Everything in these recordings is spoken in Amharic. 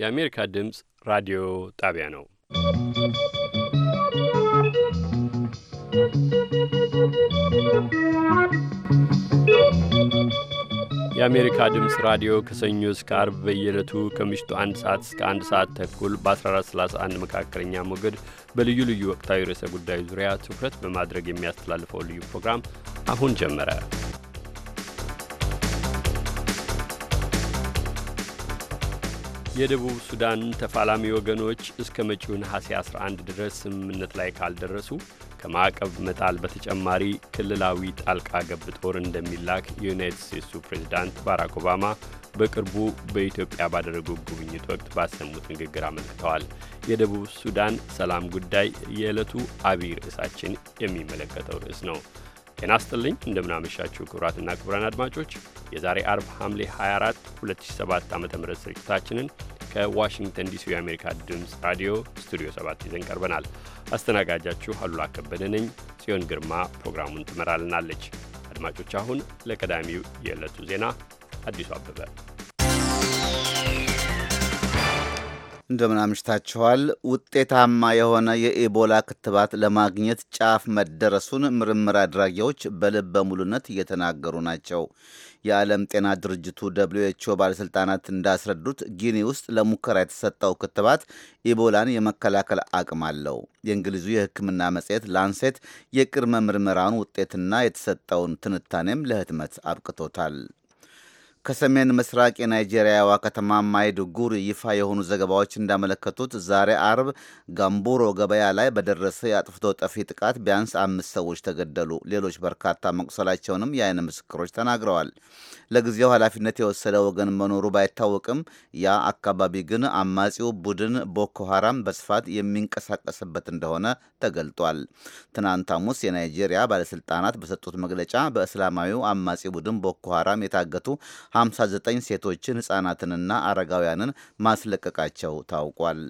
የአሜሪካ ድምፅ ራዲዮ ጣቢያ ነው። የአሜሪካ ድምፅ ራዲዮ ከሰኞ እስከ አርብ በየዕለቱ ከምሽቱ አንድ ሰዓት እስከ አንድ ሰዓት ተኩል በ1431 መካከለኛ ሞገድ በልዩ ልዩ ወቅታዊ ርዕሰ ጉዳዮች ዙሪያ ትኩረት በማድረግ የሚያስተላልፈው ልዩ ፕሮግራም አሁን ጀመረ። የደቡብ ሱዳን ተፋላሚ ወገኖች እስከ መጪው ነሐሴ 11 ድረስ ስምምነት ላይ ካልደረሱ ከማዕቀብ መጣል በተጨማሪ ክልላዊ ጣልቃ ገብ ጦር እንደሚላክ የዩናይትድ ስቴትሱ ፕሬዚዳንት ባራክ ኦባማ በቅርቡ በኢትዮጵያ ባደረጉት ጉብኝት ወቅት ባሰሙት ንግግር አመልክተዋል። የደቡብ ሱዳን ሰላም ጉዳይ የዕለቱ አብይ ርዕሳችን የሚመለከተው ርዕስ ነው። ጤና ይስጥልኝ እንደምናመሻችሁ ክቡራትና ክቡራን አድማጮች የዛሬ አርብ ሐምሌ 24 2007 ዓ ም ስርጭታችንን ከዋሽንግተን ዲሲ የአሜሪካ ድምፅ ራዲዮ ስቱዲዮ 7 ይዘን ቀርበናል። አስተናጋጃችሁ አሉላ ከበደ ነኝ። ጽዮን ግርማ ፕሮግራሙን ትመራልናለች። አድማጮች አሁን ለቀዳሚው የዕለቱ ዜና አዲሱ አበበ እንደምን አምሽታችኋል። ውጤታማ የሆነ የኢቦላ ክትባት ለማግኘት ጫፍ መደረሱን ምርምር አድራጊዎች በልበ ሙሉነት እየተናገሩ ናቸው። የዓለም ጤና ድርጅቱ ደብሊው ኤች ኦ ባለሥልጣናት እንዳስረዱት ጊኒ ውስጥ ለሙከራ የተሰጠው ክትባት ኢቦላን የመከላከል አቅም አለው። የእንግሊዙ የሕክምና መጽሔት ላንሴት የቅድመ ምርመራውን ውጤትና የተሰጠውን ትንታኔም ለህትመት አብቅቶታል። ከሰሜን ምስራቅ የናይጄሪያዋ ከተማ ማይዱጉሪ ይፋ የሆኑ ዘገባዎች እንዳመለከቱት ዛሬ አርብ ጋምቡሮ ገበያ ላይ በደረሰ የአጥፍቶ ጠፊ ጥቃት ቢያንስ አምስት ሰዎች ተገደሉ። ሌሎች በርካታ መቁሰላቸውንም የአይን ምስክሮች ተናግረዋል። ለጊዜው ኃላፊነት የወሰደ ወገን መኖሩ ባይታወቅም ያ አካባቢ ግን አማጺው ቡድን ቦኮ በስፋት የሚንቀሳቀስበት እንደሆነ ተገልጧል። ትናንት ሐሙስ የናይጄሪያ ባለስልጣናት በሰጡት መግለጫ በእስላማዊው አማጺ ቡድን ቦኮ የታገቱ 59 ሴቶችን ሕፃናትንና አረጋውያንን ማስለቀቃቸው ታውቋል።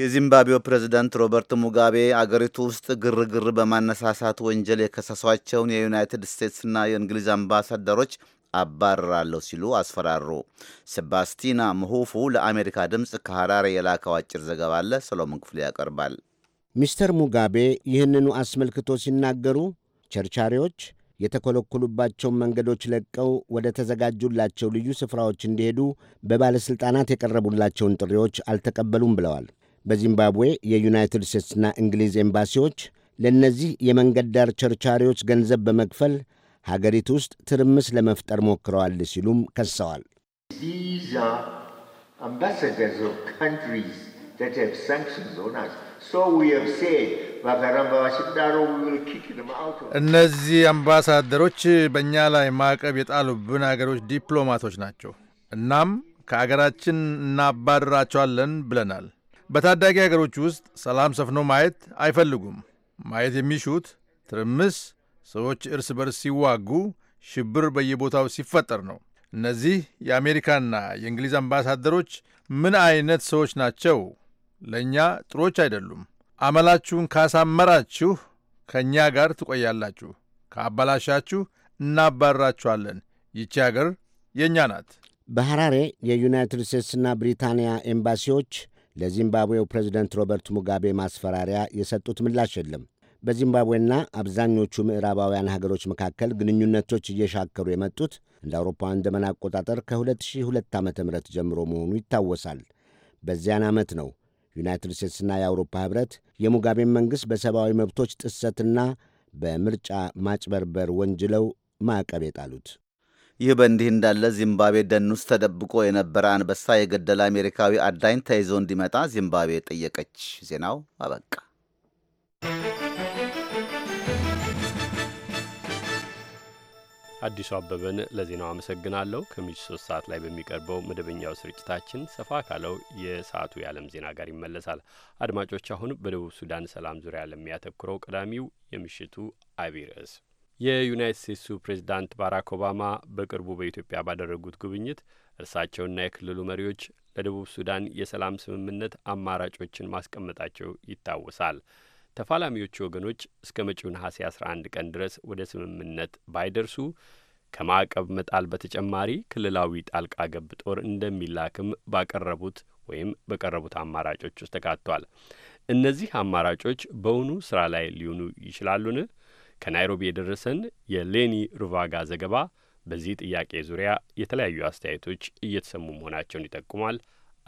የዚምባብዌው ፕሬዝዳንት ሮበርት ሙጋቤ አገሪቱ ውስጥ ግርግር በማነሳሳት ወንጀል የከሰሷቸውን የዩናይትድ ስቴትስና የእንግሊዝ አምባሳደሮች አባረራለሁ ሲሉ አስፈራሩ። ሴባስቲና ምሁፉ ለአሜሪካ ድምፅ ከሐራሬ የላከው አጭር ዘገባ አለ። ሰሎሞን ክፍሌ ያቀርባል። ሚስተር ሙጋቤ ይህንኑ አስመልክቶ ሲናገሩ ቸርቻሪዎች የተኮለኮሉባቸውን መንገዶች ለቀው ወደ ተዘጋጁላቸው ልዩ ስፍራዎች እንዲሄዱ በባለሥልጣናት የቀረቡላቸውን ጥሪዎች አልተቀበሉም ብለዋል። በዚምባብዌ የዩናይትድ ስቴትስና እንግሊዝ ኤምባሲዎች ለእነዚህ የመንገድ ዳር ቸርቻሪዎች ገንዘብ በመክፈል ሀገሪቱ ውስጥ ትርምስ ለመፍጠር ሞክረዋል ሲሉም ከሰዋል። These are ambassadors of countries እነዚህ አምባሳደሮች በእኛ ላይ ማዕቀብ የጣሉብን አገሮች ዲፕሎማቶች ናቸው። እናም ከአገራችን እናባረራቸዋለን ብለናል። በታዳጊ አገሮች ውስጥ ሰላም ሰፍኖ ማየት አይፈልጉም። ማየት የሚሹት ትርምስ፣ ሰዎች እርስ በርስ ሲዋጉ፣ ሽብር በየቦታው ሲፈጠር ነው። እነዚህ የአሜሪካና የእንግሊዝ አምባሳደሮች ምን አይነት ሰዎች ናቸው? ለእኛ ጥሮች አይደሉም። አመላችሁን ካሳመራችሁ ከእኛ ጋር ትቆያላችሁ፣ ካበላሻችሁ እናባራችኋለን። ይቺ አገር የእኛ ናት። በሐራሬ የዩናይትድ ስቴትስና ብሪታንያ ኤምባሲዎች ለዚምባብዌው ፕሬዚደንት ሮበርት ሙጋቤ ማስፈራሪያ የሰጡት ምላሽ የለም። በዚምባብዌና አብዛኞቹ ምዕራባውያን ሀገሮች መካከል ግንኙነቶች እየሻከሩ የመጡት እንደ አውሮፓውያን ዘመን አቆጣጠር ከ2002 ዓ ም ጀምሮ መሆኑ ይታወሳል። በዚያን ዓመት ነው ዩናይትድ ስቴትስና የአውሮፓ ኅብረት የሙጋቤን መንግሥት በሰብአዊ መብቶች ጥሰትና በምርጫ ማጭበርበር ወንጅለው ማዕቀብ የጣሉት። ይህ በእንዲህ እንዳለ ዚምባብዌ ደን ውስጥ ተደብቆ የነበረ አንበሳ የገደለ አሜሪካዊ አዳኝ ተይዞ እንዲመጣ ዚምባብዌ ጠየቀች። ዜናው አበቃ። አዲሱ አበበን ለዜናው አመሰግናለሁ። ከምሽቱ ሶስት ሰዓት ላይ በሚቀርበው መደበኛው ስርጭታችን ሰፋ ካለው የሰዓቱ የዓለም ዜና ጋር ይመለሳል። አድማጮች፣ አሁን በደቡብ ሱዳን ሰላም ዙሪያ ለሚያተኩረው ቀዳሚው የምሽቱ አቢይ ርዕስ የዩናይት ስቴትሱ ፕሬዚዳንት ባራክ ኦባማ በቅርቡ በኢትዮጵያ ባደረጉት ጉብኝት እርሳቸውና የክልሉ መሪዎች ለደቡብ ሱዳን የሰላም ስምምነት አማራጮችን ማስቀመጣቸው ይታወሳል። ተፋላሚዎቹ ወገኖች እስከ መጪው ነሐሴ 11 ቀን ድረስ ወደ ስምምነት ባይደርሱ ከማዕቀብ መጣል በተጨማሪ ክልላዊ ጣልቃ ገብ ጦር እንደሚላክም ባቀረቡት ወይም በቀረቡት አማራጮች ውስጥ ተካቷል። እነዚህ አማራጮች በውኑ ስራ ላይ ሊሆኑ ይችላሉን? ከናይሮቢ የደረሰን የሌኒ ሩቫጋ ዘገባ በዚህ ጥያቄ ዙሪያ የተለያዩ አስተያየቶች እየተሰሙ መሆናቸውን ይጠቁማል።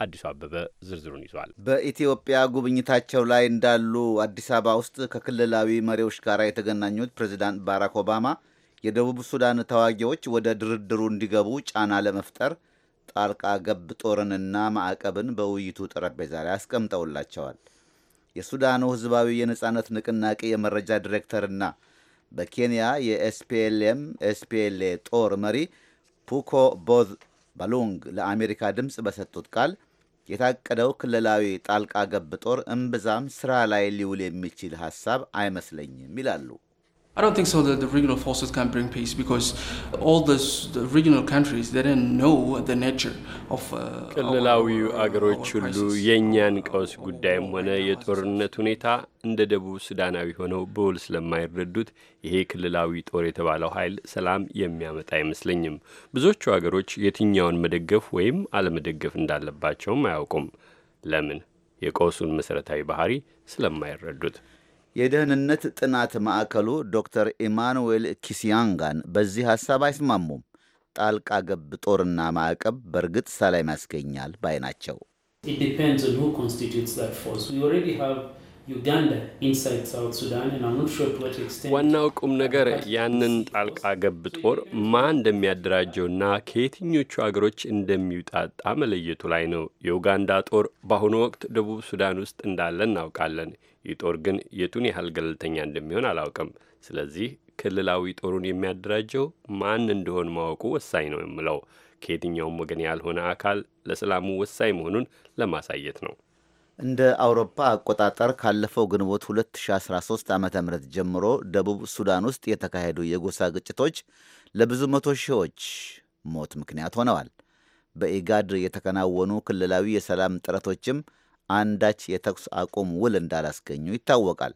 አዲሱ አበበ ዝርዝሩን ይዟል። በኢትዮጵያ ጉብኝታቸው ላይ እንዳሉ አዲስ አበባ ውስጥ ከክልላዊ መሪዎች ጋር የተገናኙት ፕሬዚዳንት ባራክ ኦባማ የደቡብ ሱዳን ተዋጊዎች ወደ ድርድሩ እንዲገቡ ጫና ለመፍጠር ጣልቃ ገብ ጦርንና ማዕቀብን በውይይቱ ጠረጴዛ ላይ አስቀምጠውላቸዋል። የሱዳኑ ሕዝባዊ የነጻነት ንቅናቄ የመረጃ ዲሬክተርና በኬንያ የኤስፒኤልኤም ኤስፒኤልኤ ጦር መሪ ፑኮ ቦዝ ባሉንግ ለአሜሪካ ድምፅ በሰጡት ቃል የታቀደው ክልላዊ ጣልቃ ገብ ጦር እምብዛም ስራ ላይ ሊውል የሚችል ሀሳብ አይመስለኝም ይላሉ። I don't think so that the regional forces can bring peace because all this, the regional countries they don't know the nature of uh, ክልላዊ አገሮች ሁሉ የእኛን ቀውስ ጉዳይም ሆነ የጦርነት ሁኔታ እንደ ደቡብ ሱዳናዊ ሆነው በውል ስለማይረዱት ይሄ ክልላዊ ጦር የተባለው ኃይል ሰላም የሚያመጣ አይመስለኝም። ብዙዎቹ አገሮች የትኛውን መደገፍ ወይም አለመደገፍ እንዳለባቸውም አያውቁም። ለምን? የቀውሱን መሠረታዊ ባህሪ ስለማይረዱት። የደህንነት ጥናት ማዕከሉ ዶክተር ኢማኑዌል ኪሲያንጋን በዚህ ሐሳብ አይስማሙም። ጣልቃ ገብ ጦርና ማዕቀብ በእርግጥ ሰላም ያስገኛል ባይ ናቸው። ዋናው ቁም ነገር ያንን ጣልቃ ገብ ጦር ማን እንደሚያደራጀውና ከየትኞቹ አገሮች እንደሚውጣጣ መለየቱ ላይ ነው። የኡጋንዳ ጦር በአሁኑ ወቅት ደቡብ ሱዳን ውስጥ እንዳለ እናውቃለን። ይህ ጦር ግን የቱን ያህል ገለልተኛ እንደሚሆን አላውቅም። ስለዚህ ክልላዊ ጦሩን የሚያደራጀው ማን እንደሆን ማወቁ ወሳኝ ነው የምለው ከየትኛውም ወገን ያልሆነ አካል ለሰላሙ ወሳኝ መሆኑን ለማሳየት ነው። እንደ አውሮፓ አቆጣጠር ካለፈው ግንቦት 2013 ዓ ም ጀምሮ ደቡብ ሱዳን ውስጥ የተካሄዱ የጎሳ ግጭቶች ለብዙ መቶ ሺዎች ሞት ምክንያት ሆነዋል። በኢጋድ የተከናወኑ ክልላዊ የሰላም ጥረቶችም አንዳች የተኩስ አቁም ውል እንዳላስገኙ ይታወቃል።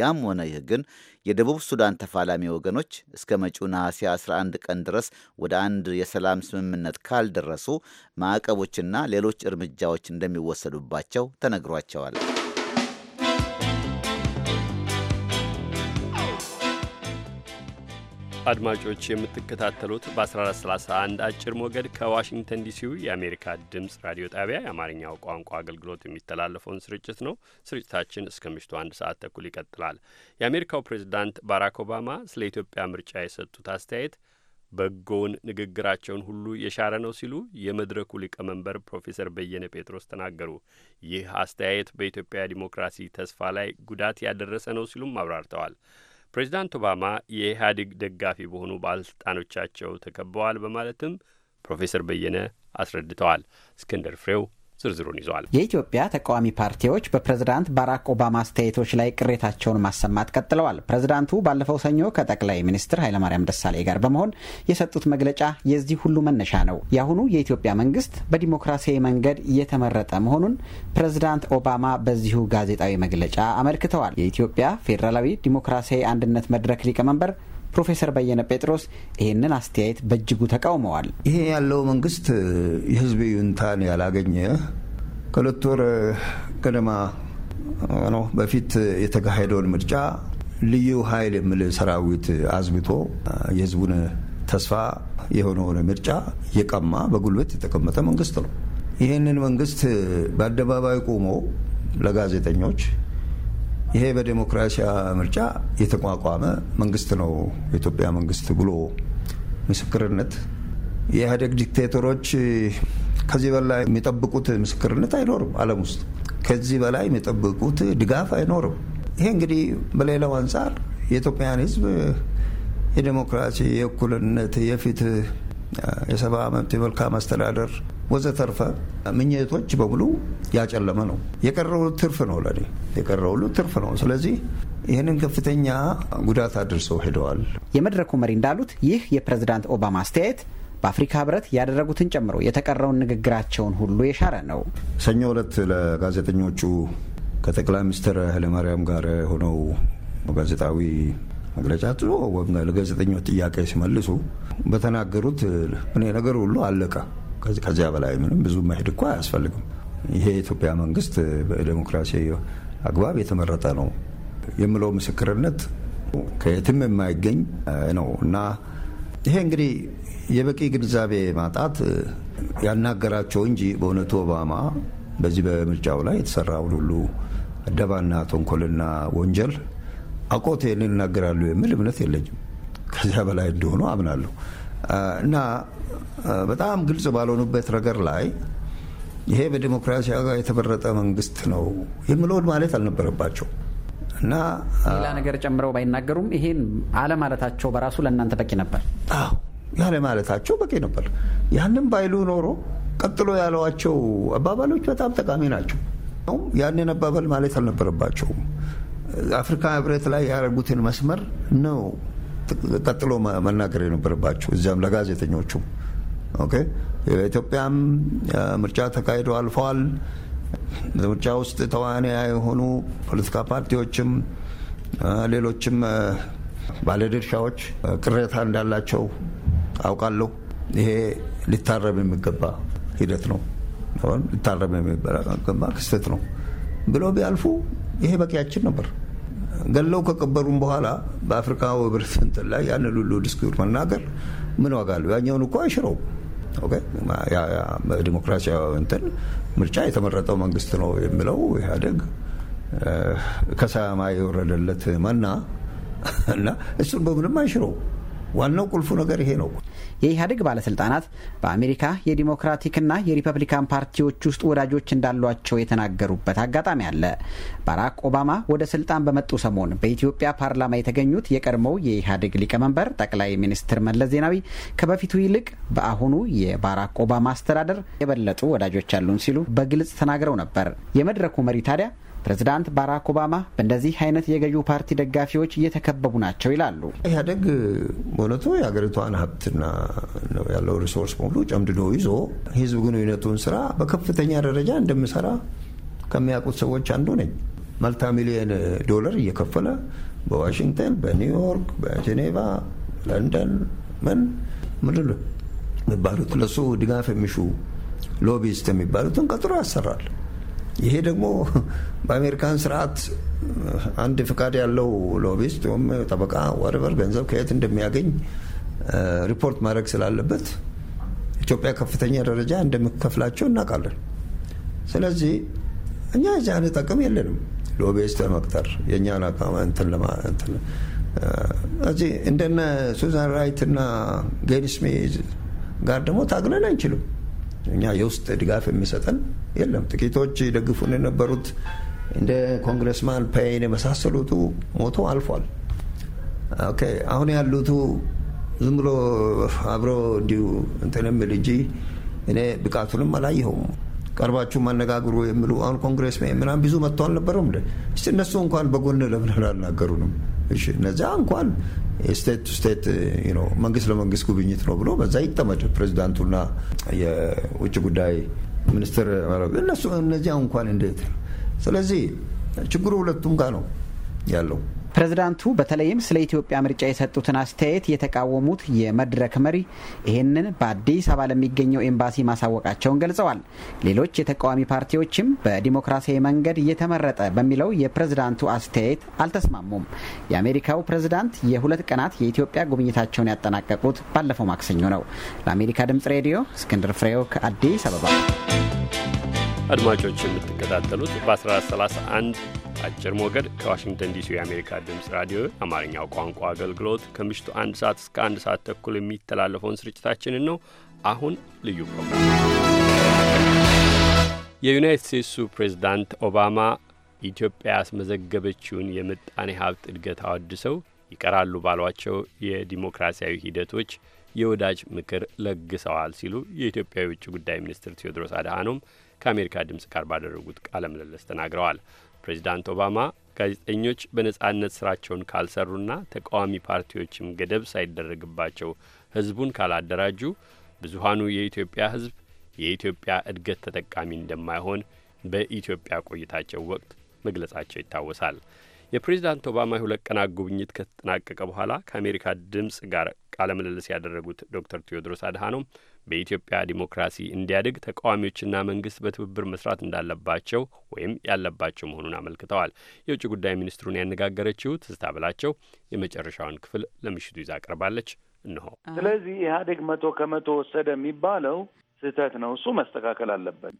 ያም ሆነ ይህ ግን የደቡብ ሱዳን ተፋላሚ ወገኖች እስከ መጪው ነሐሴ 11 ቀን ድረስ ወደ አንድ የሰላም ስምምነት ካልደረሱ ማዕቀቦችና ሌሎች እርምጃዎች እንደሚወሰዱባቸው ተነግሯቸዋል። አድማጮች የምትከታተሉት በ1431 አጭር ሞገድ ከዋሽንግተን ዲሲው የአሜሪካ ድምፅ ራዲዮ ጣቢያ የአማርኛው ቋንቋ አገልግሎት የሚተላለፈውን ስርጭት ነው። ስርጭታችን እስከ ምሽቱ አንድ ሰዓት ተኩል ይቀጥላል። የአሜሪካው ፕሬዚዳንት ባራክ ኦባማ ስለ ኢትዮጵያ ምርጫ የሰጡት አስተያየት በጎውን ንግግራቸውን ሁሉ የሻረ ነው ሲሉ የመድረኩ ሊቀመንበር ፕሮፌሰር በየነ ጴጥሮስ ተናገሩ። ይህ አስተያየት በኢትዮጵያ ዲሞክራሲ ተስፋ ላይ ጉዳት ያደረሰ ነው ሲሉም አብራርተዋል። ፕሬዚዳንት ኦባማ የኢህአዴግ ደጋፊ በሆኑ ባለስልጣኖቻቸው ተከበዋል በማለትም ፕሮፌሰር በየነ አስረድተዋል። እስክንድር ፍሬው ዝርዝሩን ይዘዋል። የኢትዮጵያ ተቃዋሚ ፓርቲዎች በፕሬዝዳንት ባራክ ኦባማ አስተያየቶች ላይ ቅሬታቸውን ማሰማት ቀጥለዋል። ፕሬዝዳንቱ ባለፈው ሰኞ ከጠቅላይ ሚኒስትር ኃይለማርያም ደሳሌ ጋር በመሆን የሰጡት መግለጫ የዚህ ሁሉ መነሻ ነው። የአሁኑ የኢትዮጵያ መንግስት በዲሞክራሲያዊ መንገድ እየተመረጠ መሆኑን ፕሬዝዳንት ኦባማ በዚሁ ጋዜጣዊ መግለጫ አመልክተዋል። የኢትዮጵያ ፌዴራላዊ ዲሞክራሲያዊ አንድነት መድረክ ሊቀመንበር ፕሮፌሰር በየነ ጴጥሮስ ይህንን አስተያየት በእጅጉ ተቃውመዋል። ይሄ ያለው መንግስት የህዝብ ይሁንታን ያላገኘ ከሁለት ወር ገደማ ነው በፊት የተካሄደውን ምርጫ ልዩ ኃይል የሚል ሰራዊት አዝብቶ የህዝቡን ተስፋ የሆነውን ምርጫ እየቀማ በጉልበት የተቀመጠ መንግስት ነው። ይህንን መንግስት በአደባባይ ቆሞ ለጋዜጠኞች ይሄ በዴሞክራሲያ ምርጫ የተቋቋመ መንግስት ነው የኢትዮጵያ መንግስት ብሎ ምስክርነት የኢህአዴግ ዲክቴተሮች ከዚህ በላይ የሚጠብቁት ምስክርነት አይኖርም። ዓለም ውስጥ ከዚህ በላይ የሚጠብቁት ድጋፍ አይኖርም። ይሄ እንግዲህ በሌላው አንጻር የኢትዮጵያን ሕዝብ የዴሞክራሲ፣ የእኩልነት፣ የፍትህ፣ የሰብአዊ መብት፣ የመልካም አስተዳደር ወዘተርፈ ምኝቶች በሙሉ ያጨለመ ነው። የቀረው ትርፍ ነው፣ ለኔ የቀረው ሁሉ ትርፍ ነው። ስለዚህ ይህንን ከፍተኛ ጉዳት አድርሰው ሄደዋል። የመድረኩ መሪ እንዳሉት ይህ የፕሬዝዳንት ኦባማ አስተያየት በአፍሪካ ህብረት ያደረጉትን ጨምሮ የተቀረውን ንግግራቸውን ሁሉ የሻረ ነው። ሰኞ ዕለት ለጋዜጠኞቹ ከጠቅላይ ሚኒስትር ኃይለማርያም ጋር የሆነው ጋዜጣዊ መግለጫ ለጋዜጠኞች ጥያቄ ሲመልሱ በተናገሩት እኔ ነገር ሁሉ አለቀ ከዚያ በላይ ምንም ብዙ መሄድ እኳ አያስፈልግም። ይሄ የኢትዮጵያ መንግስት በዲሞክራሲ አግባብ የተመረጠ ነው የምለው ምስክርነት ከየትም የማይገኝ ነው እና ይሄ እንግዲህ የበቂ ግንዛቤ ማጣት ያናገራቸው እንጂ በእውነቱ ኦባማ በዚህ በምርጫው ላይ የተሰራውን ሁሉ ደባና ተንኮልና ወንጀል አቆቴ ይናገራሉ የሚል እምነት የለኝም። ከዚያ በላይ እንደሆኑ አምናለሁ። እና በጣም ግልጽ ባልሆኑበት ነገር ላይ ይሄ በዲሞክራሲ ጋር የተመረጠ መንግስት ነው የምለውን ማለት አልነበረባቸው እና ሌላ ነገር ጨምረው ባይናገሩም ይሄን አለማለታቸው በራሱ ለእናንተ በቂ ነበር። አዎ ያለማለታቸው በቂ ነበር። ያንም ባይሉ ኖሮ ቀጥሎ ያለዋቸው አባባሎች በጣም ጠቃሚ ናቸው። ያንን አባባል ማለት አልነበረባቸውም። አፍሪካ ህብረት ላይ ያደረጉትን መስመር ነው ቀጥሎ መናገር የነበረባቸው እዚያም ለጋዜጠኞቹ በኢትዮጵያም ምርጫ ተካሂዶ አልፈዋል። ምርጫ ውስጥ ተዋንያ የሆኑ ፖለቲካ ፓርቲዎችም ሌሎችም ባለድርሻዎች ቅሬታ እንዳላቸው አውቃለሁ። ይሄ ሊታረም የሚገባ ሂደት ነው፣ ሊታረም የሚገባ ክስተት ነው ብሎ ቢያልፉ ይሄ በቂያችን ነበር። ገለው ከቀበሩም በኋላ በአፍሪካ ወብር እንትን ላይ ያን ሉሉ ዲስኩር መናገር ምን ዋጋ አለው? ያኛውን እኮ አይሽረው። ዲሞክራሲያዊ እንትን ምርጫ የተመረጠው መንግስት ነው የሚለው ኢህአዴግ ከሰማይ የወረደለት መና እና እሱን በምንም አይሽረው። ዋናው ቁልፉ ነገር ይሄ ነው። የኢህአዴግ ባለስልጣናት በአሜሪካ የዲሞክራቲክና የሪፐብሊካን ፓርቲዎች ውስጥ ወዳጆች እንዳሏቸው የተናገሩበት አጋጣሚ አለ። ባራክ ኦባማ ወደ ስልጣን በመጡ ሰሞን በኢትዮጵያ ፓርላማ የተገኙት የቀድሞው የኢህአዴግ ሊቀመንበር ጠቅላይ ሚኒስትር መለስ ዜናዊ ከበፊቱ ይልቅ በአሁኑ የባራክ ኦባማ አስተዳደር የበለጡ ወዳጆች አሉን ሲሉ በግልጽ ተናግረው ነበር። የመድረኩ መሪ ታዲያ ፕሬዚዳንት ባራክ ኦባማ በእንደዚህ አይነት የገዢው ፓርቲ ደጋፊዎች እየተከበቡ ናቸው ይላሉ። ኢህአደግ በእውነቱ የሀገሪቷን ሀብትና ያለው ሪሶርስ በሙሉ ጨምድዶ ይዞ ህዝብ ግንኙነቱን ስራ በከፍተኛ ደረጃ እንደምሰራ ከሚያውቁት ሰዎች አንዱ ነኝ። መልታ ሚሊየን ዶላር እየከፈለ በዋሽንግተን፣ በኒውዮርክ፣ በጄኔቫ፣ ለንደን ምን ምድል የሚባሉት ለሱ ድጋፍ የሚሹ ሎቢስት የሚባሉትን ቀጥሮ ያሰራል። ይሄ ደግሞ በአሜሪካን ስርዓት አንድ ፍቃድ ያለው ሎቢስት ወይም ጠበቃ ወርበር ገንዘብ ከየት እንደሚያገኝ ሪፖርት ማድረግ ስላለበት ኢትዮጵያ ከፍተኛ ደረጃ እንደምከፍላቸው እናውቃለን። ስለዚህ እኛ የዚህ አይነት አቅም የለንም። ሎቢስት ለመቅጠር የእኛን አቋም እንትን እዚህ እንደነ ሱዛን ራይት እና ጌን ስሚዝ ጋር ደግሞ ታግለን አንችልም። እኛ የውስጥ ድጋፍ የሚሰጠን የለም። ጥቂቶች ደግፉን የነበሩት እንደ ኮንግረስማን ፓይን የመሳሰሉቱ ሞቶ አልፏል። አሁን ያሉቱ ዝም ብሎ አብሮ እንዲሁ እንትን የሚል እንጂ እኔ ብቃቱንም አላየኸውም። ቀርባችሁ ማነጋግሩ የሚሉ አሁን ኮንግሬስ ምናምን ብዙ መጥቶ አልነበረም። እነሱ እንኳን በጎን ለምን አላናገሩንም? እሺ እነዚያ እንኳን የስቴት ቱ ስቴት መንግስት ለመንግስት ጉብኝት ነው ብሎ በዛ ይጠመድ ፕሬዚዳንቱና የውጭ ጉዳይ ሚኒስትር እነሱ እነዚያ እንኳን እንዴት። ስለዚህ ችግሩ ሁለቱም ጋር ነው ያለው። ፕሬዝዳንቱ በተለይም ስለ ኢትዮጵያ ምርጫ የሰጡትን አስተያየት የተቃወሙት የመድረክ መሪ ይህንን በአዲስ አበባ ለሚገኘው ኤምባሲ ማሳወቃቸውን ገልጸዋል። ሌሎች የተቃዋሚ ፓርቲዎችም በዲሞክራሲያዊ መንገድ እየተመረጠ በሚለው የፕሬዝዳንቱ አስተያየት አልተስማሙም። የአሜሪካው ፕሬዝዳንት የሁለት ቀናት የኢትዮጵያ ጉብኝታቸውን ያጠናቀቁት ባለፈው ማክሰኞ ነው። ለአሜሪካ ድምጽ ሬዲዮ እስክንድር ፍሬው ከአዲስ አበባ አድማጮች የምትከታተሉት በ1431 አጭር ሞገድ ከዋሽንግተን ዲሲ የአሜሪካ ድምፅ ራዲዮ አማርኛው ቋንቋ አገልግሎት ከምሽቱ አንድ ሰዓት እስከ አንድ ሰዓት ተኩል የሚተላለፈውን ስርጭታችንን ነው። አሁን ልዩ ፕሮግራም የዩናይት ስቴትሱ ፕሬዝዳንት ኦባማ ኢትዮጵያ ያስመዘገበችውን የምጣኔ ሀብት እድገት አወድሰው ይቀራሉ ባሏቸው የዲሞክራሲያዊ ሂደቶች የወዳጅ ምክር ለግሰዋል ሲሉ የኢትዮጵያ የውጭ ጉዳይ ሚኒስትር ቴዎድሮስ አድሃኖም ከአሜሪካ ድምፅ ጋር ባደረጉት ቃለ ምልልስ ተናግረዋል። ፕሬዚዳንት ኦባማ ጋዜጠኞች በነጻነት ስራቸውን ካልሰሩና ተቃዋሚ ፓርቲዎችም ገደብ ሳይደረግባቸው ህዝቡን ካላደራጁ ብዙሀኑ የኢትዮጵያ ህዝብ የኢትዮጵያ እድገት ተጠቃሚ እንደማይሆን በኢትዮጵያ ቆይታቸው ወቅት መግለጻቸው ይታወሳል። የፕሬዚዳንት ኦባማ የሁለት ቀናት ጉብኝት ከተጠናቀቀ በኋላ ከአሜሪካ ድምፅ ጋር ቃለ ምልልስ ያደረጉት ዶክተር ቴዎድሮስ አድሃኖም በኢትዮጵያ ዲሞክራሲ እንዲያድግ ተቃዋሚዎችና መንግስት በትብብር መስራት እንዳለባቸው ወይም ያለባቸው መሆኑን አመልክተዋል። የውጭ ጉዳይ ሚኒስትሩን ያነጋገረችው ትዝታ ብላቸው የመጨረሻውን ክፍል ለምሽቱ ይዛ ቀርባለች። እንሆ ስለዚህ ኢህአዴግ መቶ ከመቶ ወሰደ የሚባለው ስህተት ነው። እሱ መስተካከል አለበት።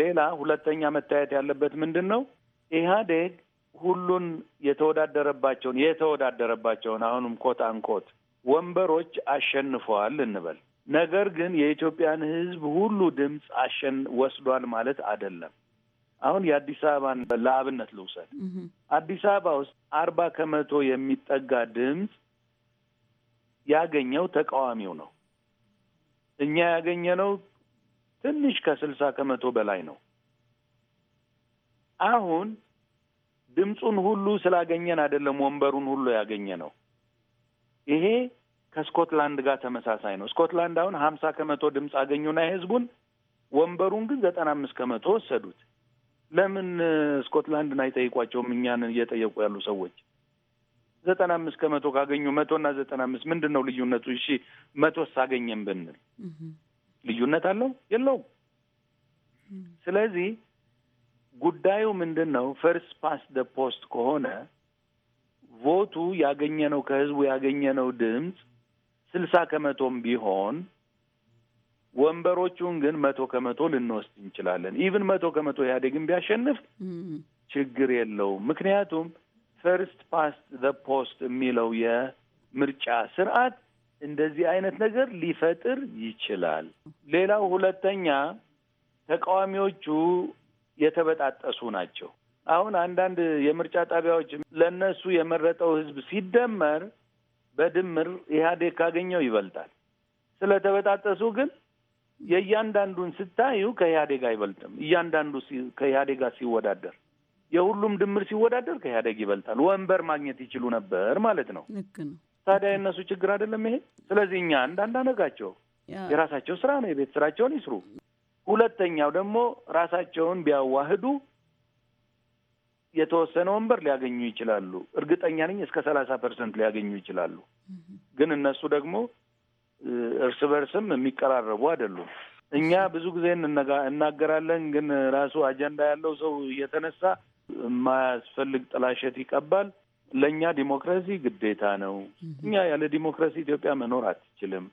ሌላ ሁለተኛ መታየት ያለበት ምንድን ነው? ኢህአዴግ ሁሉን የተወዳደረባቸውን የተወዳደረባቸውን አሁንም ኮት አንኮት ወንበሮች አሸንፈዋል እንበል። ነገር ግን የኢትዮጵያን ሕዝብ ሁሉ ድምፅ አሸን ወስዷል ማለት አይደለም። አሁን የአዲስ አበባን ለአብነት ልውሰድ። አዲስ አበባ ውስጥ አርባ ከመቶ የሚጠጋ ድምፅ ያገኘው ተቃዋሚው ነው። እኛ ያገኘነው ትንሽ ከስልሳ ከመቶ በላይ ነው። አሁን ድምፁን ሁሉ ስላገኘን አይደለም ወንበሩን ሁሉ ያገኘ ነው። ይሄ ከስኮትላንድ ጋር ተመሳሳይ ነው። ስኮትላንድ አሁን ሀምሳ ከመቶ ድምፅ አገኙና የህዝቡን ወንበሩን ግን ዘጠና አምስት ከመቶ ወሰዱት። ለምን ስኮትላንድን አይጠይቋቸውም? እኛን እየጠየቁ ያሉ ሰዎች ዘጠና አምስት ከመቶ ካገኙ መቶና ዘጠና አምስት ምንድን ነው ልዩነቱ? እሺ መቶ ሳገኘም ብንል ልዩነት አለው የለውም? ስለዚህ ጉዳዩ ምንድን ነው? ፈርስት ፓስ ደ ፖስት ከሆነ ቮቱ ያገኘነው ከህዝቡ ያገኘነው ድምፅ ስልሳ ከመቶም ቢሆን ወንበሮቹን ግን መቶ ከመቶ ልንወስድ እንችላለን። ኢቭን መቶ ከመቶ ኢህአዴግን ቢያሸንፍ ችግር የለውም። ምክንያቱም ፈርስት ፓስት ዘ ፖስት የሚለው የምርጫ ስርዓት እንደዚህ አይነት ነገር ሊፈጥር ይችላል። ሌላው ሁለተኛ ተቃዋሚዎቹ የተበጣጠሱ ናቸው። አሁን አንዳንድ የምርጫ ጣቢያዎች ለእነሱ የመረጠው ህዝብ ሲደመር በድምር ኢህአዴግ ካገኘው ይበልጣል። ስለተበጣጠሱ ግን የእያንዳንዱን ስታዩ ከኢህአዴግ አይበልጥም። እያንዳንዱ ከኢህአዴግ ጋር ሲወዳደር የሁሉም ድምር ሲወዳደር ከኢህአዴግ ይበልጣል። ወንበር ማግኘት ይችሉ ነበር ማለት ነው። ልክ ነው። ታዲያ የእነሱ ችግር አይደለም ይሄ። ስለዚህ እኛ እንዳንዳነጋቸው የራሳቸው ስራ ነው፣ የቤት ስራቸውን ይስሩ። ሁለተኛው ደግሞ ራሳቸውን ቢያዋህዱ የተወሰነ ወንበር ሊያገኙ ይችላሉ። እርግጠኛ ነኝ እስከ ሰላሳ ፐርሰንት ሊያገኙ ይችላሉ። ግን እነሱ ደግሞ እርስ በርስም የሚቀራረቡ አይደሉም። እኛ ብዙ ጊዜ እናገራለን፣ ግን ራሱ አጀንዳ ያለው ሰው እየተነሳ የማያስፈልግ ጥላሸት ይቀባል። ለእኛ ዲሞክራሲ ግዴታ ነው። እኛ ያለ ዲሞክራሲ ኢትዮጵያ መኖር አትችልም።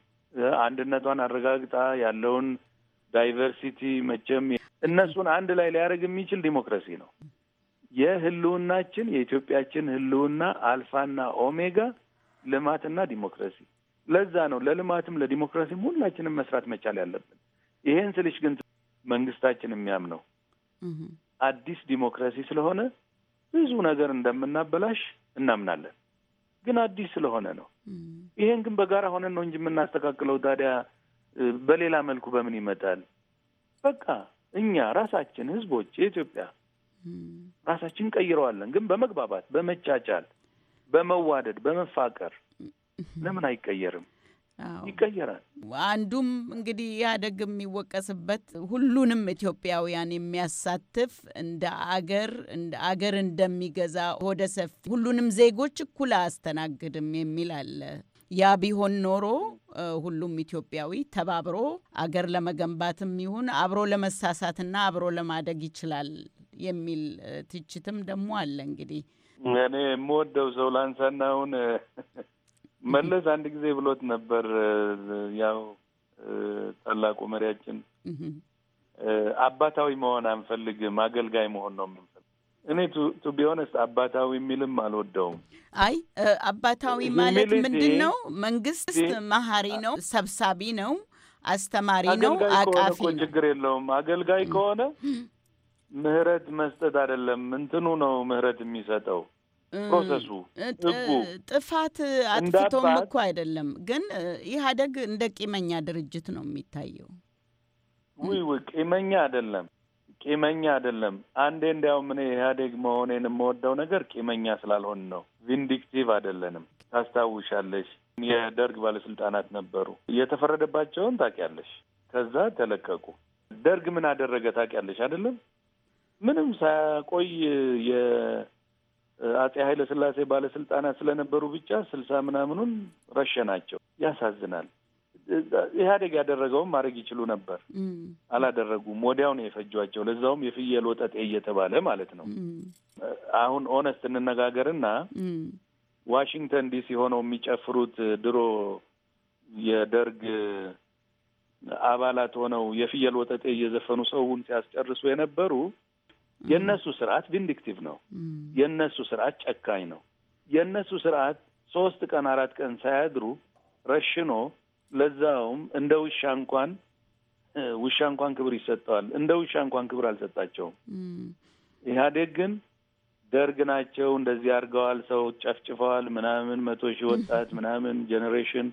አንድነቷን አረጋግጣ ያለውን ዳይቨርሲቲ መቼም እነሱን አንድ ላይ ሊያደርግ የሚችል ዲሞክራሲ ነው። የህልውናችን የኢትዮጵያችን ህልውና አልፋና ኦሜጋ ልማትና ዲሞክራሲ። ለዛ ነው ለልማትም ለዲሞክራሲም ሁላችንም መስራት መቻል ያለብን። ይሄን ስልሽ ግን መንግስታችን የሚያምነው አዲስ ዲሞክራሲ ስለሆነ ብዙ ነገር እንደምናበላሽ እናምናለን። ግን አዲስ ስለሆነ ነው። ይሄን ግን በጋራ ሆነን ነው እንጂ የምናስተካክለው። ታዲያ በሌላ መልኩ በምን ይመጣል? በቃ እኛ ራሳችን ህዝቦች የኢትዮጵያ ራሳችን ቀይረዋለን። ግን በመግባባት በመጫጫል፣ በመዋደድ፣ በመፋቀር ለምን አይቀየርም? ይቀየራል። አንዱም እንግዲህ ያደግ የሚወቀስበት ሁሉንም ኢትዮጵያውያን የሚያሳትፍ እንደ አገር እንደ አገር እንደሚገዛ ወደ ሰፊ ሁሉንም ዜጎች እኩል አያስተናግድም የሚል አለ። ያ ቢሆን ኖሮ ሁሉም ኢትዮጵያዊ ተባብሮ አገር ለመገንባትም ይሁን አብሮ ለመሳሳትና አብሮ ለማደግ ይችላል የሚል ትችትም ደግሞ አለ። እንግዲህ እኔ የምወደው ሰው ላንሳና አሁን መለስ አንድ ጊዜ ብሎት ነበር ያው ታላቁ መሪያችን አባታዊ መሆን አንፈልግም፣ አገልጋይ መሆን ነው የምንፈልግ። እኔ ቱ ቢሆነስ አባታዊ የሚልም አልወደውም። አይ አባታዊ ማለት ምንድን ነው? መንግስት መሀሪ ነው፣ ሰብሳቢ ነው፣ አስተማሪ ነው፣ አቃፊ ነው። ችግር የለውም አገልጋይ ከሆነ ምህረት መስጠት አይደለም እንትኑ ነው ምህረት የሚሰጠው ፕሮሰሱ ህጉ። ጥፋት አጥፍቶም እኮ አይደለም ግን ኢህአዴግ እንደ ቂመኛ ድርጅት ነው የሚታየው። ውይ ውይ ቂመኛ አይደለም ቂመኛ አይደለም። አንዴ እንዲያውም እኔ ኢህአዴግ መሆኔን የምወደው ነገር ቂመኛ ስላልሆን ነው። ቪንዲክቲቭ አይደለንም። ታስታውሻለሽ፣ የደርግ ባለስልጣናት ነበሩ። የተፈረደባቸውን ታውቂያለሽ፣ ከዛ ተለቀቁ። ደርግ ምን አደረገ ታውቂያለሽ አይደለም? ምንም ሳያቆይ የአጼ ኃይለ ስላሴ ባለስልጣናት ስለነበሩ ብቻ ስልሳ ምናምኑን ረሸናቸው። ያሳዝናል። ኢህአዴግ ያደረገውም ማድረግ ይችሉ ነበር፣ አላደረጉም። ወዲያው ነው የፈጇቸው። ለዛውም የፍየል ወጠጤ እየተባለ ማለት ነው። አሁን ኦነስት እንነጋገርና ዋሽንግተን ዲሲ ሆነው የሚጨፍሩት ድሮ የደርግ አባላት ሆነው የፍየል ወጠጤ እየዘፈኑ ሰውን ሲያስጨርሱ የነበሩ የእነሱ ስርዓት ቪንዲክቲቭ ነው። የእነሱ ስርዓት ጨካኝ ነው። የእነሱ ስርዓት ሶስት ቀን አራት ቀን ሳያድሩ ረሽኖ ለዛውም እንደ ውሻ እንኳን ውሻ እንኳን ክብር ይሰጠዋል። እንደ ውሻ እንኳን ክብር አልሰጣቸውም። ኢህአዴግ ግን ደርግ ናቸው እንደዚህ አድርገዋል፣ ሰው ጨፍጭፈዋል፣ ምናምን መቶ ሺህ ወጣት ምናምን ጄኔሬሽን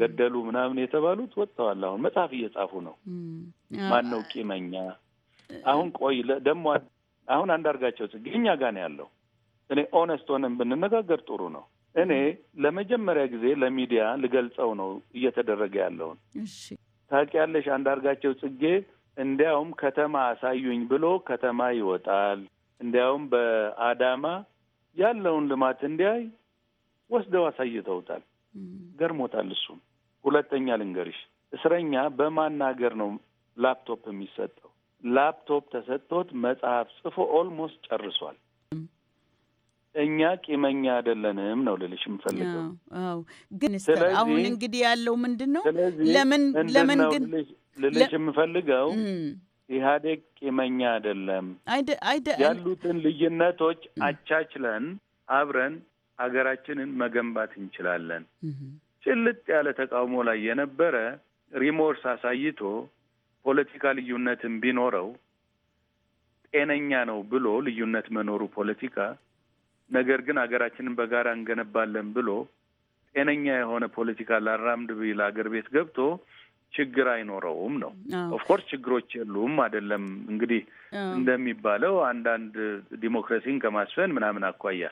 ገደሉ ምናምን የተባሉት ወጥተዋል። አሁን መጽሐፍ እየጻፉ ነው። ማን ነው ቂመኛ? አሁን ቆይ ደግሞ አሁን አንዳርጋቸው ጽጌ እኛ ጋ ነው ያለው። እኔ ኦነስት ሆነን ብንነጋገር ጥሩ ነው። እኔ ለመጀመሪያ ጊዜ ለሚዲያ ልገልጸው ነው እየተደረገ ያለውን። ታውቂያለሽ፣ አንዳርጋቸው ጽጌ እንዲያውም ከተማ አሳዩኝ ብሎ ከተማ ይወጣል። እንዲያውም በአዳማ ያለውን ልማት እንዲያይ ወስደው አሳይተውታል። ገርሞታል። እሱም ሁለተኛ ልንገርሽ፣ እስረኛ በማናገር ነው ላፕቶፕ የሚሰጠው ላፕቶፕ ተሰጥቶት መጽሐፍ ጽፎ ኦልሞስት ጨርሷል። እኛ ቂመኛ አይደለንም ነው ልልሽ የምፈልገው። ግን አሁን እንግዲህ ያለው ምንድን ነው? ለምን ለምን ግን ልልሽ የምፈልገው ኢህአዴግ ቂመኛ አይደለም። ያሉትን ልዩነቶች አቻችለን አብረን ሀገራችንን መገንባት እንችላለን። ጭልጥ ያለ ተቃውሞ ላይ የነበረ ሪሞርስ አሳይቶ ፖለቲካ ልዩነትም ቢኖረው ጤነኛ ነው ብሎ ልዩነት መኖሩ ፖለቲካ ነገር ግን ሀገራችንን በጋራ እንገነባለን ብሎ ጤነኛ የሆነ ፖለቲካ ላራምድ ቢል ሀገር ቤት ገብቶ ችግር አይኖረውም ነው። ኦፍኮርስ ችግሮች የሉም አይደለም። እንግዲህ እንደሚባለው አንዳንድ ዲሞክራሲን ከማስፈን ምናምን አኳያ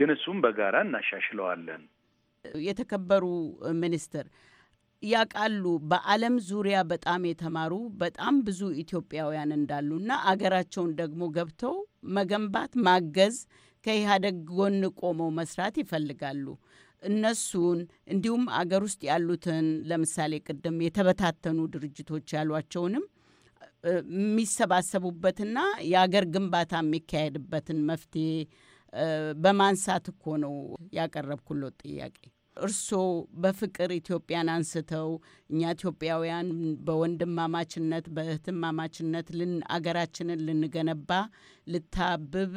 ግን እሱም በጋራ እናሻሽለዋለን። የተከበሩ ሚኒስትር ያውቃሉ። በዓለም ዙሪያ በጣም የተማሩ በጣም ብዙ ኢትዮጵያውያን እንዳሉና አገራቸውን ደግሞ ገብተው መገንባት፣ ማገዝ፣ ከኢህአዴግ ጎን ቆመው መስራት ይፈልጋሉ። እነሱን እንዲሁም አገር ውስጥ ያሉትን ለምሳሌ ቅድም የተበታተኑ ድርጅቶች ያሏቸውንም የሚሰባሰቡበትና የአገር ግንባታ የሚካሄድበትን መፍትሄ በማንሳት እኮ ነው ያቀረብኩሎት ጥያቄ። እርስዎ በፍቅር ኢትዮጵያን አንስተው እኛ ኢትዮጵያውያን በወንድማማችነት በእህትማማችነት አገራችንን ልንገነባ ልታብብ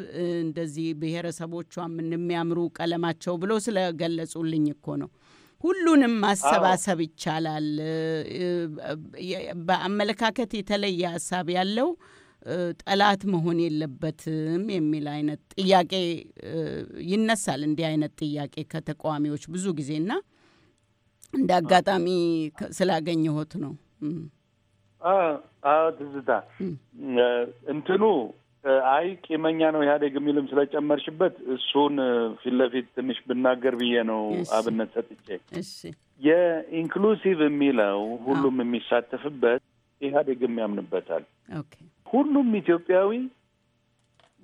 እንደዚህ ብሔረሰቦቿም የሚያምሩ ቀለማቸው ብሎ ስለገለጹልኝ እኮ ነው። ሁሉንም ማሰባሰብ ይቻላል። በአመለካከት የተለየ ሀሳብ ያለው ጠላት መሆን የለበትም የሚል አይነት ጥያቄ ይነሳል። እንዲህ አይነት ጥያቄ ከተቃዋሚዎች ብዙ ጊዜና እንደ አጋጣሚ ስላገኘሁት ነው። ትዝታ እንትኑ አይ ቂመኛ ነው ኢህአዴግ የሚልም ስለጨመርሽበት እሱን ፊት ለፊት ትንሽ ብናገር ብዬ ነው አብነት ሰጥቼ። የኢንክሉሲቭ የሚለው ሁሉም የሚሳተፍበት ኢህአዴግም ያምንበታል። ሁሉም ኢትዮጵያዊ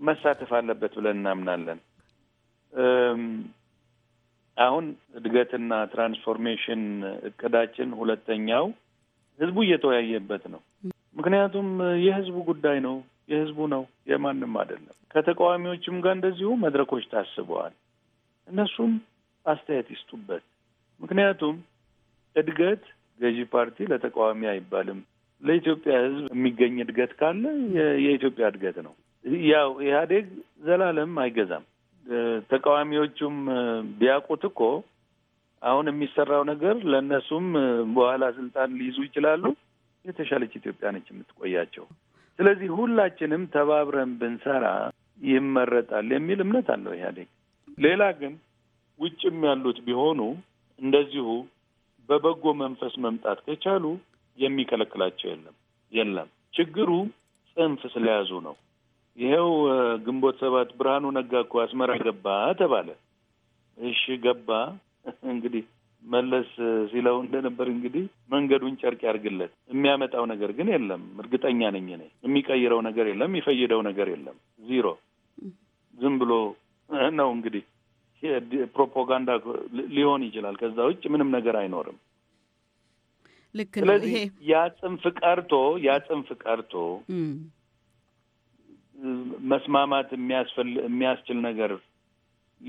መሳተፍ አለበት ብለን እናምናለን። አሁን እድገትና ትራንስፎርሜሽን እቅዳችን ሁለተኛው ህዝቡ እየተወያየበት ነው። ምክንያቱም የህዝቡ ጉዳይ ነው፣ የህዝቡ ነው፣ የማንም አይደለም። ከተቃዋሚዎችም ጋር እንደዚሁ መድረኮች ታስበዋል። እነሱም አስተያየት ይስጡበት። ምክንያቱም እድገት ገዢ ፓርቲ ለተቃዋሚ አይባልም። ለኢትዮጵያ ሕዝብ የሚገኝ እድገት ካለ የኢትዮጵያ እድገት ነው። ያው ኢህአዴግ ዘላለም አይገዛም። ተቃዋሚዎቹም ቢያውቁት እኮ አሁን የሚሰራው ነገር ለእነሱም በኋላ ስልጣን ሊይዙ ይችላሉ። የተሻለች ኢትዮጵያ ነች የምትቆያቸው። ስለዚህ ሁላችንም ተባብረን ብንሰራ ይመረጣል የሚል እምነት አለው ኢህአዴግ። ሌላ ግን ውጭም ያሉት ቢሆኑ እንደዚሁ በበጎ መንፈስ መምጣት ከቻሉ የሚከለክላቸው የለም የለም። ችግሩ ጽንፍ ስለያዙ ነው። ይኸው ግንቦት ሰባት ብርሃኑ ነጋ እኮ አስመራ ገባ ተባለ። እሺ ገባ እንግዲህ መለስ ሲለው እንደነበር እንግዲህ መንገዱን ጨርቅ ያርግለት። የሚያመጣው ነገር ግን የለም። እርግጠኛ ነኝ እኔ የሚቀይረው ነገር የለም። የሚፈይደው ነገር የለም። ዚሮ ዝም ብሎ ነው እንግዲህ ፕሮፓጋንዳ ሊሆን ይችላል። ከዛ ውጭ ምንም ነገር አይኖርም። ልክ ነው። ስለዚህ ያ ጽንፍ ቀርቶ ያ ጽንፍ ቀርቶ መስማማት የሚያስችል ነገር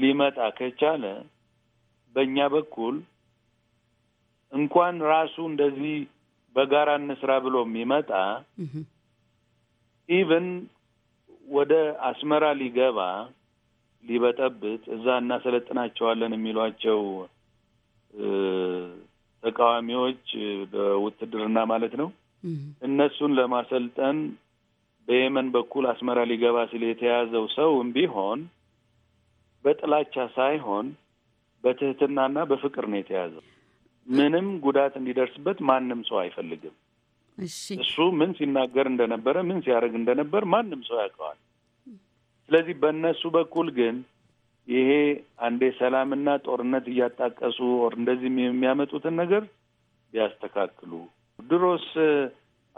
ሊመጣ ከቻለ በእኛ በኩል እንኳን ራሱ እንደዚህ በጋራ እንስራ ብሎ የሚመጣ ኢቨን ወደ አስመራ ሊገባ ሊበጠብጥ እዛ እናሰለጥናቸዋለን የሚሏቸው ተቃዋሚዎች በውትድርና ማለት ነው እነሱን ለማሰልጠን በየመን በኩል አስመራ ሊገባ ሲል የተያዘው ሰውም ቢሆን በጥላቻ ሳይሆን በትህትናና በፍቅር ነው የተያዘው። ምንም ጉዳት እንዲደርስበት ማንም ሰው አይፈልግም። እሱ ምን ሲናገር እንደነበረ፣ ምን ሲያደርግ እንደነበር ማንም ሰው ያውቀዋል። ስለዚህ በእነሱ በኩል ግን ይሄ አንዴ ሰላምና ጦርነት እያጣቀሱ ወር እንደዚህ የሚያመጡትን ነገር ቢያስተካክሉ። ድሮስ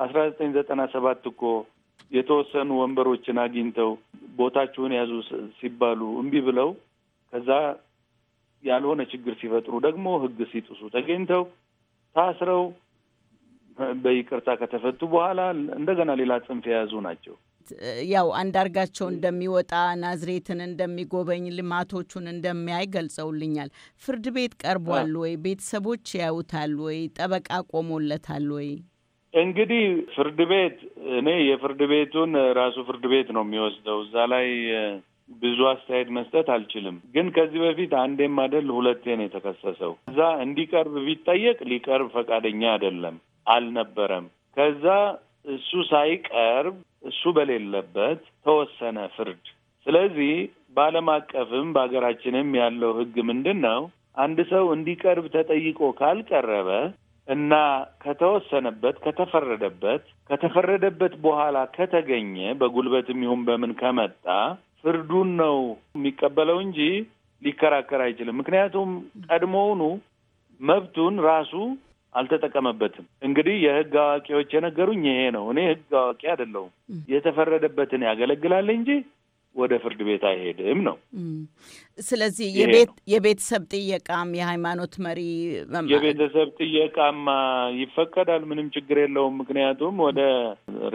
አስራ ዘጠኝ ዘጠና ሰባት እኮ የተወሰኑ ወንበሮችን አግኝተው ቦታችሁን ያዙ ሲባሉ እምቢ ብለው ከዛ ያልሆነ ችግር ሲፈጥሩ ደግሞ ህግ ሲጥሱ ተገኝተው ታስረው በይቅርታ ከተፈቱ በኋላ እንደገና ሌላ ጽንፍ የያዙ ናቸው። ያው አንዳርጋቸው እንደሚወጣ ናዝሬትን እንደሚጎበኝ ልማቶቹን እንደሚያይ ገልጸውልኛል። ፍርድ ቤት ቀርቧል ወይ? ቤተሰቦች ያዩታል ወይ? ጠበቃ ቆሞለታል ወይ? እንግዲህ ፍርድ ቤት እኔ የፍርድ ቤቱን ራሱ ፍርድ ቤት ነው የሚወስደው። እዛ ላይ ብዙ አስተያየት መስጠት አልችልም። ግን ከዚህ በፊት አንዴም አይደል ሁለቴ ነው የተከሰሰው። እዛ እንዲቀርብ ቢጠየቅ ሊቀርብ ፈቃደኛ አይደለም፣ አልነበረም። ከዛ እሱ ሳይቀርብ እሱ በሌለበት ተወሰነ ፍርድ። ስለዚህ በዓለም አቀፍም በሀገራችንም ያለው ህግ ምንድን ነው? አንድ ሰው እንዲቀርብ ተጠይቆ ካልቀረበ እና ከተወሰነበት ከተፈረደበት ከተፈረደበት በኋላ ከተገኘ በጉልበትም ይሁን በምን ከመጣ ፍርዱን ነው የሚቀበለው እንጂ ሊከራከር አይችልም። ምክንያቱም ቀድሞውኑ መብቱን ራሱ አልተጠቀመበትም። እንግዲህ የህግ አዋቂዎች የነገሩኝ ይሄ ነው። እኔ ህግ አዋቂ አይደለሁም። የተፈረደበትን ያገለግላል እንጂ ወደ ፍርድ ቤት አይሄድም ነው። ስለዚህ የቤተሰብ ጥየቃም የሃይማኖት መሪ የቤተሰብ ጥየቃማ ይፈቀዳል፣ ምንም ችግር የለውም። ምክንያቱም ወደ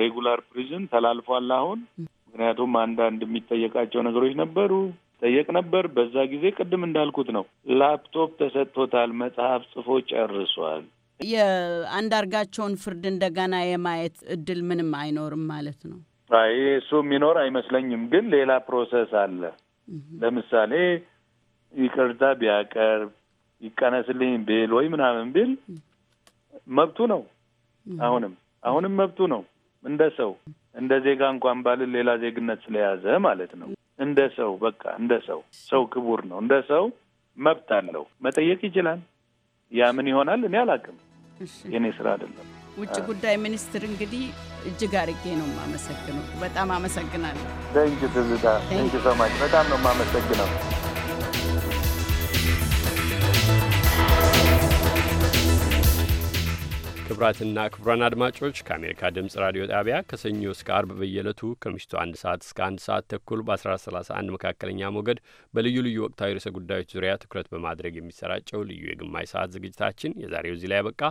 ሬጉላር ፕሪዝን ተላልፏል አሁን። ምክንያቱም አንዳንድ የሚጠየቃቸው ነገሮች ነበሩ ጠየቅ ነበር። በዛ ጊዜ ቅድም እንዳልኩት ነው። ላፕቶፕ ተሰጥቶታል፣ መጽሐፍ ጽፎ ጨርሷል። የአንዳርጋቸውን ፍርድ እንደገና የማየት እድል ምንም አይኖርም ማለት ነው? አይ እሱ የሚኖር አይመስለኝም። ግን ሌላ ፕሮሰስ አለ። ለምሳሌ ይቅርታ ቢያቀርብ ይቀነስልኝ ቢል ወይ ምናምን ቢል መብቱ ነው። አሁንም አሁንም መብቱ ነው። እንደ ሰው እንደ ዜጋ እንኳን ባልን ሌላ ዜግነት ስለያዘ ማለት ነው። እንደ ሰው በቃ እንደ ሰው ሰው ክቡር ነው። እንደ ሰው መብት አለው፣ መጠየቅ ይችላል። ያ ምን ይሆናል እኔ አላውቅም። የኔ ስራ አይደለም። ውጭ ጉዳይ ሚኒስትር እንግዲህ እጅግ አርጌ ነው የማመሰግነው። በጣም አመሰግናለሁ። ደንጅ ትዝታ፣ ደንጅ ሰማች፣ በጣም ነው የማመሰግነው። ክብራትና ክቡራን አድማጮች ከአሜሪካ ድምፅ ራዲዮ ጣቢያ ከሰኞ እስከ አርብ በየዕለቱ ከምሽቱ አንድ ሰዓት እስከ አንድ ሰዓት ተኩል በ 1131 መካከለኛ ሞገድ በልዩ ልዩ ወቅታዊ ርዕሰ ጉዳዮች ዙሪያ ትኩረት በማድረግ የሚሰራጨው ልዩ የግማሽ ሰዓት ዝግጅታችን የዛሬው እዚህ ላይ ያበቃ።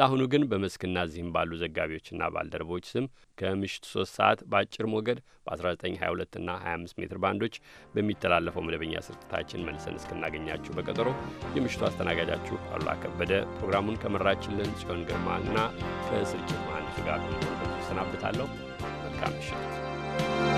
ለአሁኑ ግን በመስክና እዚህም ባሉ ዘጋቢዎችና ባልደረቦች ስም ከምሽቱ 3 ሰዓት በአጭር ሞገድ በ1922 እና 25 ሜትር ባንዶች በሚተላለፈው መደበኛ ስርጭታችን መልሰን እስክናገኛችሁ በቀጠሮ የምሽቱ አስተናጋጃችሁ አሉላ ከበደ ፕሮግራሙን ከመራችልን ጽዮን ግርማ እና ከስርጭት መሐንዲሱ ጋር ሰናብታለሁ። መልካም ምሽት።